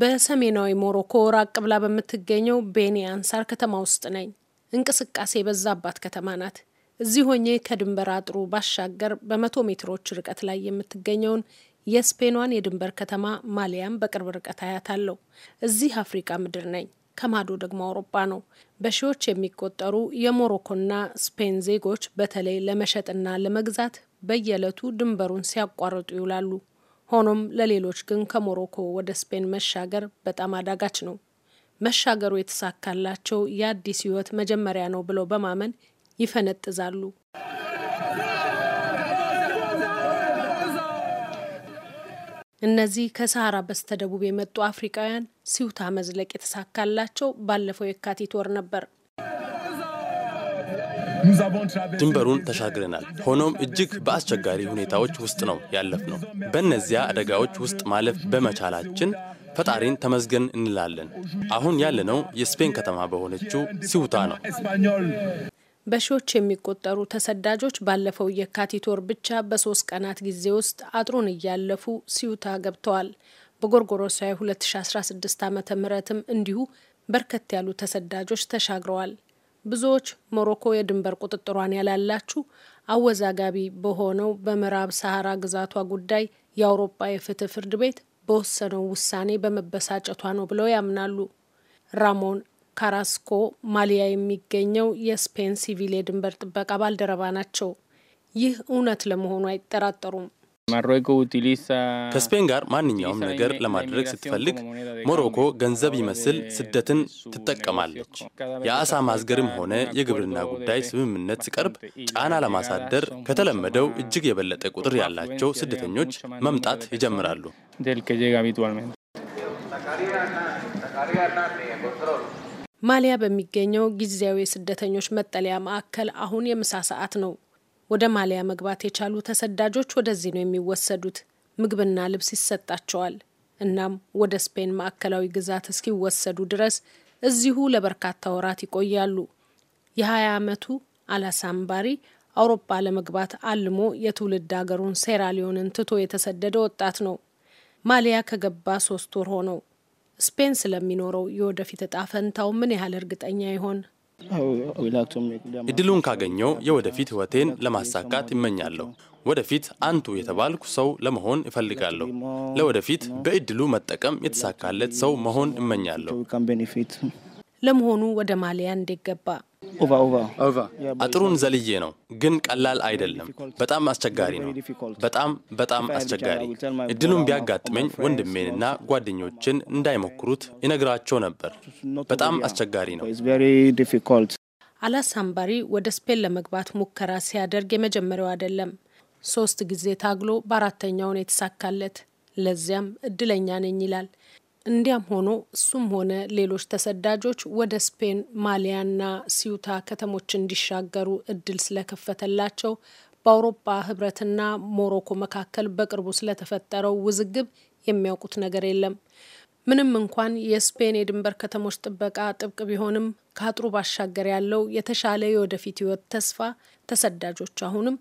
በሰሜናዊ ሞሮኮ ራቅ ብላ በምትገኘው ቤኒ አንሳር ከተማ ውስጥ ነኝ። እንቅስቃሴ የበዛባት ከተማ ናት። እዚህ ሆኜ ከድንበር አጥሩ ባሻገር በመቶ ሜትሮች ርቀት ላይ የምትገኘውን የስፔኗን የድንበር ከተማ ማሊያም በቅርብ ርቀት አያታለሁ። እዚህ አፍሪቃ ምድር ነኝ፣ ከማዶ ደግሞ አውሮፓ ነው። በሺዎች የሚቆጠሩ የሞሮኮና ስፔን ዜጎች በተለይ ለመሸጥና ለመግዛት በየዕለቱ ድንበሩን ሲያቋርጡ ይውላሉ። ሆኖም ለሌሎች ግን ከሞሮኮ ወደ ስፔን መሻገር በጣም አዳጋች ነው። መሻገሩ የተሳካላቸው የአዲስ ህይወት መጀመሪያ ነው ብለው በማመን ይፈነጥዛሉ። እነዚህ ከሰሃራ በስተደቡብ የመጡ አፍሪካውያን ሲውታ መዝለቅ የተሳካላቸው ባለፈው የካቲት ወር ነበር። ድንበሩን ተሻግረናል። ሆኖም እጅግ በአስቸጋሪ ሁኔታዎች ውስጥ ነው ያለፍነው። በእነዚያ አደጋዎች ውስጥ ማለፍ በመቻላችን ፈጣሪን ተመስገን እንላለን። አሁን ያለነው የስፔን ከተማ በሆነችው ሲውታ ነው። በሺዎች የሚቆጠሩ ተሰዳጆች ባለፈው የካቲት ወር ብቻ በሶስት ቀናት ጊዜ ውስጥ አጥሩን እያለፉ ሲዩታ ገብተዋል። በጎርጎሮሳዊ 2016 ዓ ምትም እንዲሁ በርከት ያሉ ተሰዳጆች ተሻግረዋል። ብዙዎች ሞሮኮ የድንበር ቁጥጥሯን ያላላችሁ አወዛጋቢ በሆነው በምዕራብ ሰሐራ ግዛቷ ጉዳይ የአውሮፓ የፍትህ ፍርድ ቤት በወሰነው ውሳኔ በመበሳጨቷ ነው ብለው ያምናሉ። ራሞን ካራስኮ ማሊያ የሚገኘው የስፔን ሲቪል የድንበር ጥበቃ ባልደረባ ናቸው። ይህ እውነት ለመሆኑ አይጠራጠሩም። ከስፔን ጋር ማንኛውም ነገር ለማድረግ ስትፈልግ ሞሮኮ ገንዘብ ይመስል ስደትን ትጠቀማለች። የአሳ ማስገርም ሆነ የግብርና ጉዳይ ስምምነት ሲቀርብ ጫና ለማሳደር ከተለመደው እጅግ የበለጠ ቁጥር ያላቸው ስደተኞች መምጣት ይጀምራሉ። ማሊያ በሚገኘው ጊዜያዊ የስደተኞች መጠለያ ማዕከል አሁን የምሳ ሰዓት ነው። ወደ ማሊያ መግባት የቻሉ ተሰዳጆች ወደዚህ ነው የሚወሰዱት። ምግብና ልብስ ይሰጣቸዋል። እናም ወደ ስፔን ማዕከላዊ ግዛት እስኪወሰዱ ድረስ እዚሁ ለበርካታ ወራት ይቆያሉ። የ20 ዓመቱ አላሳምባሪ አውሮፓ ለመግባት አልሞ የትውልድ አገሩን ሴራሊዮንን ትቶ የተሰደደ ወጣት ነው። ማሊያ ከገባ ሶስት ወር ሆነው። ስፔን ስለሚኖረው የወደፊት እጣ ፈንታው ምን ያህል እርግጠኛ ይሆን? እድሉን ካገኘው የወደፊት ህይወቴን ለማሳካት ይመኛለሁ። ወደፊት አንቱ የተባልኩ ሰው ለመሆን እፈልጋለሁ። ለወደፊት በእድሉ መጠቀም የተሳካለት ሰው መሆን እመኛለሁ። ለመሆኑ ወደ ማሊያ እንዴት ገባ? አጥሩን ዘልዬ ነው፣ ግን ቀላል አይደለም። በጣም አስቸጋሪ ነው። በጣም በጣም አስቸጋሪ። እድሉን ቢያጋጥመኝ ወንድሜንና ጓደኞችን እንዳይሞክሩት ይነግራቸው ነበር። በጣም አስቸጋሪ ነው። አላሳምባሪ ወደ ስፔን ለመግባት ሙከራ ሲያደርግ የመጀመሪያው አይደለም። ሶስት ጊዜ ታግሎ በአራተኛውን የተሳካለት ለዚያም እድለኛ ነኝ ይላል። እንዲያም ሆኖ እሱም ሆነ ሌሎች ተሰዳጆች ወደ ስፔን ማሊያና ሲዩታ ከተሞች እንዲሻገሩ እድል ስለከፈተላቸው በአውሮፓ ህብረትና ሞሮኮ መካከል በቅርቡ ስለተፈጠረው ውዝግብ የሚያውቁት ነገር የለም። ምንም እንኳን የስፔን የድንበር ከተሞች ጥበቃ ጥብቅ ቢሆንም ከአጥሩ ባሻገር ያለው የተሻለ የወደፊት ህይወት ተስፋ ተሰዳጆች አሁንም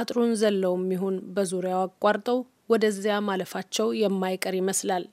አጥሩን ዘለውም ይሁን በዙሪያው አቋርጠው ወደዚያ ማለፋቸው የማይቀር ይመስላል።